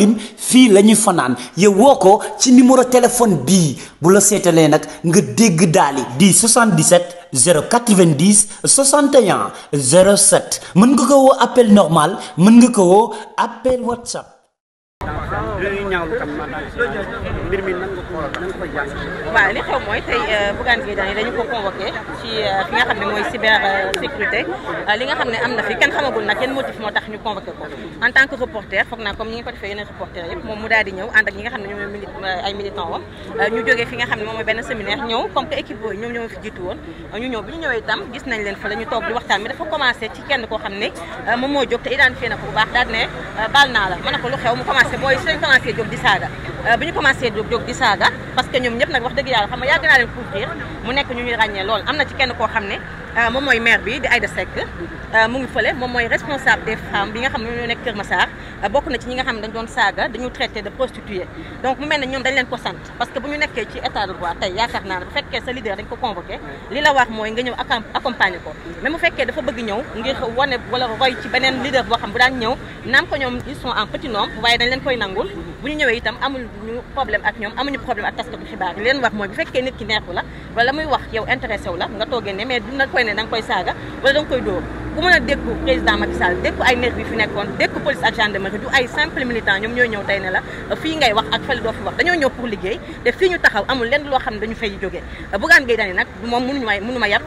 lim fii lañuy fanaan yow woo ko ci numéro téléphone bi bu la seetalee nag nga dégg daali di 77 090 61 07 mën nga ko woo appel normal mën nga ko woo appel whatsapp. mbir nga ko nan nga waaw li xew mooy tey euh, Bougane Gueye Dany dañu ko convoqué ci euh, fi nga xam ne mooy cyber sécurité euh, li nga xam ne am na fi kenn xamagul nag yan motif moo tax ñu convoqué ko en tant que reporter foog naa comme ñi nga ko defee yeneen reporter yëpp moom mu daal ñëw ànd ñi nga xam ne ñoom ñooy ay militant wam ñu jógee fi nga xam ne moom mooy benn séminaire ñëw comme que équipe boobu ñoom ñoo fi jiitu woon ñu ñëw bi ñu ñëwee itam gis nañ leen fa dëgg yàlla xam nga yàgg naa leen couvrir mu nekk ñu ñuy ràññee lool am na ci kenn koo xam ne euh, moom mooy maire bi di Aïda Seck euh, mu ngi fële moom mooy responsable des femmes bi nga xam ne ñoo nekk Kër Massar bokk na ci ñi nga xam ne dañ doon saaga dañu traité de prostituée donc mu mel ne ñoom dañ leen ko sant parce que bu ñu nekkee ci état de droit tey yaakaar naa ne bu fekkee sa leader dañ ko convoqué li la wax mooy nga ñëw accompagner ko mais mu fekkee dafa bëgg ñëw ngir wane wala roy ci beneen leader boo xam bu daan ñëw naam ko ñoom ils sont en petit nombre waaye dañ leen koy nangul bu ñu ñëwee itam amuñu problème ak ñoom amuñu problème ak taskatu xibaar yi leen wax mooy bu fekkee nit ki neexu la wala muy wax yow intéressé wu la nga toogee ne mais dina ku mën a dékku président ma Sall dékku ay nerf bi fi nekkoon dékku police ak gendarmerie du ay simple militant ñoom ñoo ñëw tey ne la euh, fii ngay wax ak fële doo fi wax dañoo ñëw pour liggéey te fii ñu taxaw amul lenn loo xam ne dañu fay jógee euh, Bougane Gueye Dany nag moom mënuñu ma mënu ma yàpp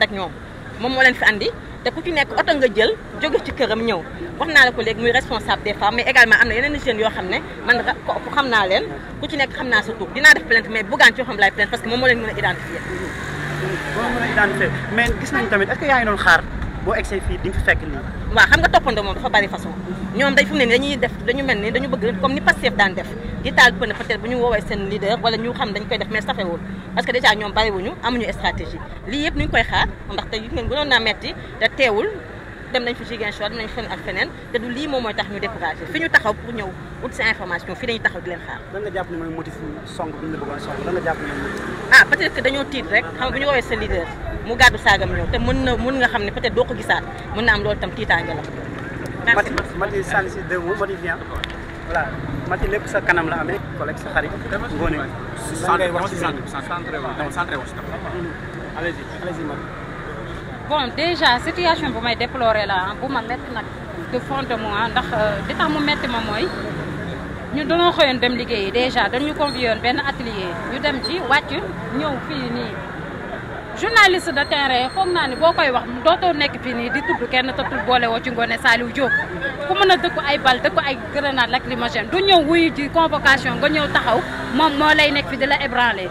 ànd ak ñoom moom moo leen fi indi te ku ci nekk oto nga jël jóge ci këram ñëw wax naa la ko léegi muy responsable des femmes mais également am na yeneen jeunes yoo xam ne man xam naa leen ku ci nekk xam naa sa tur dinaa def plainte mais buggaan ci yoo xam laay plainte parce que moom moo leen mën a identifier. boo mën a identifier mais gis nañ tamit est-ce que yaa ngi xaar. boo egsee fii di nga fi fekk lii waaw xam nga toppandoo moom dafa bari façon ñoom dañuy def dañu mel ni dañu bëgg comme ni Pastef daan def di taal pëne peut être bu ñu woowee seen leader wala ñu xam dañ koy def mais safewul parce que déjà ñoom bariwuñu amuñu stratégie lii yëpp ñu koy xaar ndax te teewul dem nañ fi Ziguinchor dem nañ ak feneen te du lii moom mooy tax ñu découragé fi ñu taxaw pour ñëw ut si information fi dañu taxaw bi ñu la bëggoon song lan nga jàpp ne ah peut être que dañoo tiit rek xam mu gàddu saagam ñëw te mën na mën nga xam ne peut-être doo ko gisaat mën na am loolu itam tiitaange la. merci Mati Mati sànni si deux Mati lépp sa kanam la amee. collègue sa xarit ngoone. lan ngay wax ci biir centré wax centré wax allez-y allez-y Mati. bon déjà situation bu may déplorer la bu ma metti nag de fond ndax euh, li tax mu metti ma mooy. ñu doo xëyoon dem liggéey déjà dañu convié woon benn atelier ñu dem ci wàcc ñëw fii nii journaliste de terrain foog naa ni boo koy wax dootoo nekk fii nii di tudd kenn te tudd boole woo ci Ngoné Saliou Diop ku mën a dëkku ay bal dëkku ay grenade lacrymogène du ñëw wuyu ji convocation nga ñëw taxaw moom moo lay nekk fi di la ébranlé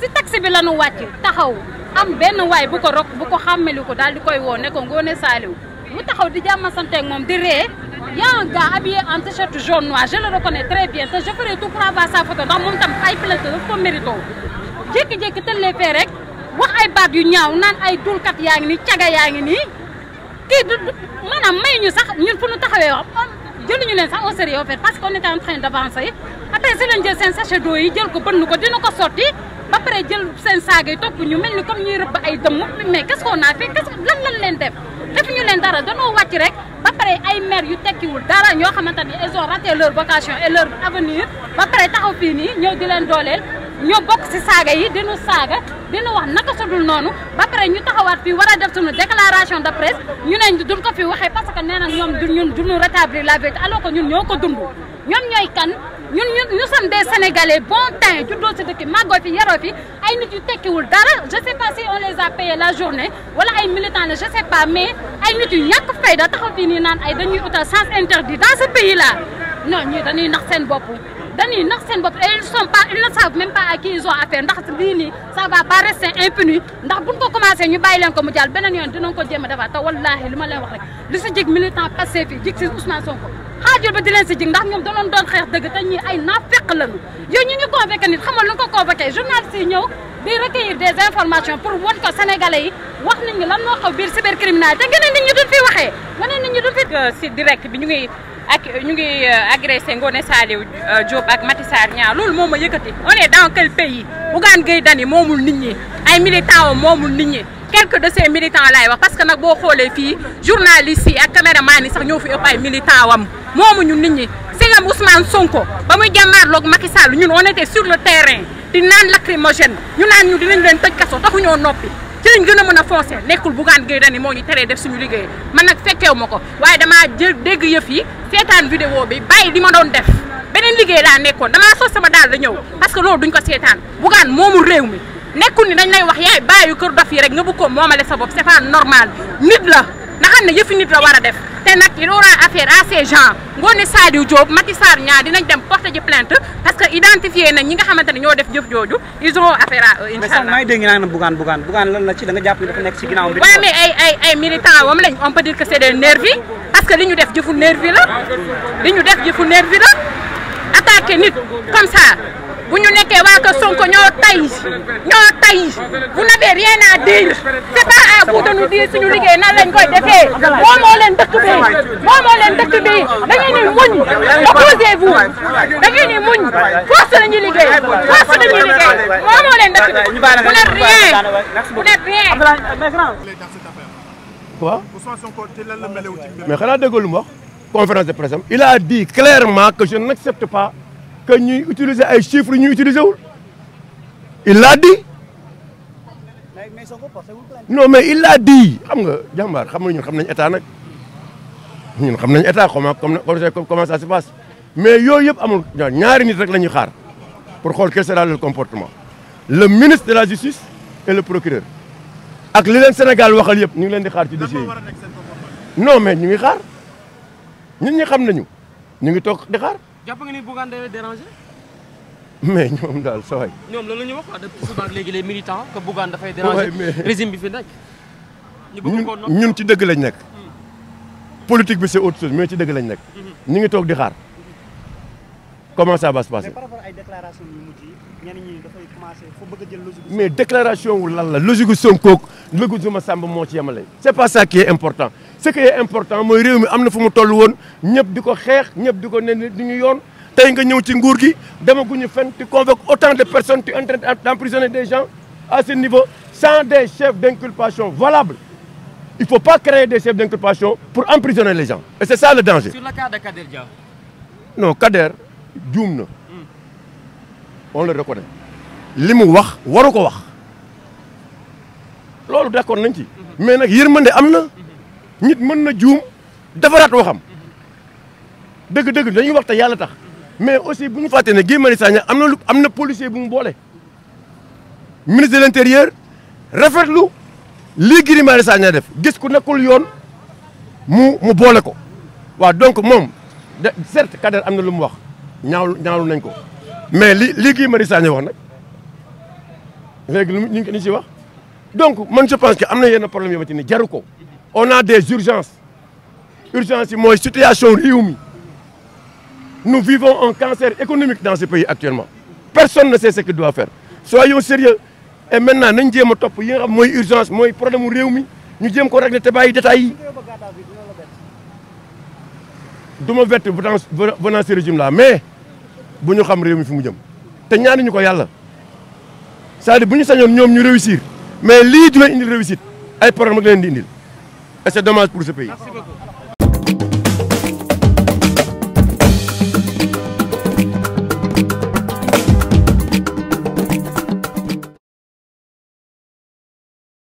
si taxi bi la nu wàcc taxaw am benn waay bu ko rok bu ko xàmmeli ko daal di koy woo ne ngoone Ngoné Saliou taxaw di jàmm sante ak moom di ree y a un gars habillé en t-shirt jaune noir je le reconnais très bien te je ferai tout ko mérito jékki-jékki wax ay baat yu ñaaw naan ay dulkat yaa ngi nii caga yaa ngi nii kii du maanaam may ñu sax ñun fu ñu taxawee wax jëluñu leen sax au sérieux en parce que on était en train d'avancer après si lañ jël seen sachet d'eau yi jël ko bënn ko dina ko sotti ba pare jël seen saaga yi topp ñu mel ni comme ñuy rëbb ay dëmm mais qu'est-ce qu'on a fait quest lan lan leen def defuñu leen dara danoo wàcc rek ba pare ay maire yu tekkiwul dara ñoo xamante ni ils ont raté leur vocation et di leen dooleel ñoo bokk si saaga yi dinu saaga dinu wax naka sudul noonu ba pare ñu taxawaat fii war a def suñu déclaration de presse ñu ne duñ ko fi waxee parce que nee na ñoom du ñun duñu rétablir la vérité alors que ñun ñoo ko dund ñoom ñooy kan ñun ñun nous sommes bon temps juddoo si dëkk màggoo fi yaroo fi ay nit yu tekkiwul dara je si on les a payés la journée wala ay militants la je mais ay nit yu ñàkk fayda taxaw fii nii naan ay dañuy utal sens interdit dañuy nax seen bopp ils sont pas ils ne savent même pas à qui ils ont affaire ndax lii nii ça va pas ndax buñ ko commencé ñu bàyyi leen ko mu jàll beneen yoon dinañ ko jéem a defaat te wallaahi li ma leen wax rek si jig militant passé fii jig si Ousmane Sonko xaajul ba di si jig ndax ñoom danoon doon xeex dëgg te ñii ay naafeq lañu yooyu ñu ñu convoqué nit xamal lu ko convoqué journaliste yi ñëw di yi wax nañ ñu lan moo xaw biir cybercriminalité bi ñu ak ñu ngi euh, agressé Ngoné Saliou euh, Diop ak Maty Sarr Niang loolu moo ma yëkkati on est dans quel pays Bougane Gueye Dany moomul nit ñi ay militants am moomul nit ñi quelques de ces militants laay wax parce que nag boo xoolee fii journalistes yi ak caméraman yi sax ñëw fi ëpp ay militants wam moomuñu nit ñi sëgam Ousmane Sonko ba muy jàmmaarloog Macky Sall ñun on était sur le terrain di naan lacrymogène ñu naan ñu dinañ leen tëj kaso taxuñoo noppi ci lañ gën a mën a foncé nekkul Bougane Gueye Dany moo ñu teree def suñu liggéey man nag fekkeewu ma ko waaye damaa jël dégg yëf yi seetaan vidéo bi bàyyi li ma doon def beneen liggéey laa nekkoon damaa sos sama daal da ñëw parce que loolu duñ ko seetaan Bougane moomu réew mi nekkul ni dañ lay wax yaay bàyyi kër dof yi rek nga bëgg ko moomale sa bopp c'est pas normal nit la na xam ne yëfi nit la war a def te nag il aura affaire à ces gens Ngoné Saliou Diop Macky Sarr ñaar dinañ dem porter ji plainte parce que identifié nañ ñi nga xamante ne ñoo def jëf jooju ils auront affaire à eux incha allah mais sax maa ngi dégg naa ne bugaan bugaan bugaan lan la ci da nga jàpp ni dafa nekk ci ginnaaw bi waaw mais ay ay ay militant wam lañ on peut dire que c'est des nervis parce que li ñu def jëfu nervi la li ñu def jëfu nervi la attaqué nit comme ça bu ñu nekkee waa kër Sonko ñoo tay ñoo tay vous n'avez rien à dire c'est pas à vous de nous dire suñu liggéey nan lañ koy defee moom moo leen dëkk bi moom moo leen dëkk bi da ngeen muñ opposez-vous da ngeen di muñ force la ñuy liggéey force la ñuy liggéey moom moo leen dëkk bi vous n'êtes rien vous n'êtes rien. waaw. mais xanaa lu mu conférence de presse il a dit clairement que je n'accepte pas. que ñuy utiliser ay chiffres ñu utiliser wul il l'a dit non mais il l'a dit xam nga jàmbaar xam nga ñun xam nañ état nag ñun xam nañ état comment comment ça se passe mais yooyu yëpp amul ñaari nit rek la ñuy xaar pour xool quel sera le comportement le ministre de la justice et le procureur ak li leen Sénégal waxal yëpp ñu ngi leen di xaar ci dossier yi non mais ñu ngi xaar ñun ñi xam nañu ñu ngi toog di xaar jàpp nga ni Bougane day déranger. mais ñoom daal sa waay. ñoom loolu la ñu wax quoi depuis suba léegi les militants que Bougane dafay déranger régime bi fi nekk. ñu ñun ci dëgg lañ nekk. Hmm. politique bi c'est autre chose mais ci dëgg lañ nekk. Hmm. ñu ngi toog di xaar. comment ça va se passer mais par a jël logique mais déclaration wu lan la logique Sonko logique Samba moo ci yemale. c'est pas ça qui est important. ce qui est important mooy réew mi am na fu mu toll woon ñëpp di ko xeex ñëpp di ko ne di ñu yoon tey nga ñëw ci nguur gi demaguñu fenn tu convoques autant de personnes tu es d'emprisonner des gens à ce niveau sans des chefs d'inculpation valables il faut pas créer des chefs d'inculpation pour emprisonner les gens et c'est ça le danger. sur le cas de Kader Dia. non Kader juum na. on le reconnaît. li mu wax waru ko wax. loolu d'accord nañ ci. Mhm. mais nag yërmande am na. nit mën na juum defaraat waxam dëgg-dëgg dañuy wax te yàlla tax mais aussi bu ñu fàtte ne Guy Marius Sagna am na lu am na policier bu mu boole. ministre de l'intérieur rafetlu lii Guy Marius def gis ku nekkul yoon mu mu boole ko waa donc moom de certes am na lu mu wax ñaaw ñaawlu nañ ko mais li lii Guy Marius Sagna wax nag léegi lu ñu ngi ko wax donc man je pense am na yenn problème yoo xamante ni jaru ko. on a des urgences urgence yi mooy situation réew mi nous vivons un cancer économique dans ce pays actuellement personne ne sait ce qu'il doit faire soyons sérieux et maintenant nañ jéem a topp yi nga xam mooy urgence mooy problème mu réew mi ñu jéem ko régler te bàyyi détails yi du ma vett venant ce régime là mais bu ñu xam réew mi fi mu jëm te ñaanuñu ko yàlla cest bu ñu sañoon ñoom ñu réussir mais lii du leen indil réussite ay problème ak leen di indil Et c'est dommage pour ce pays. Merci beaucoup.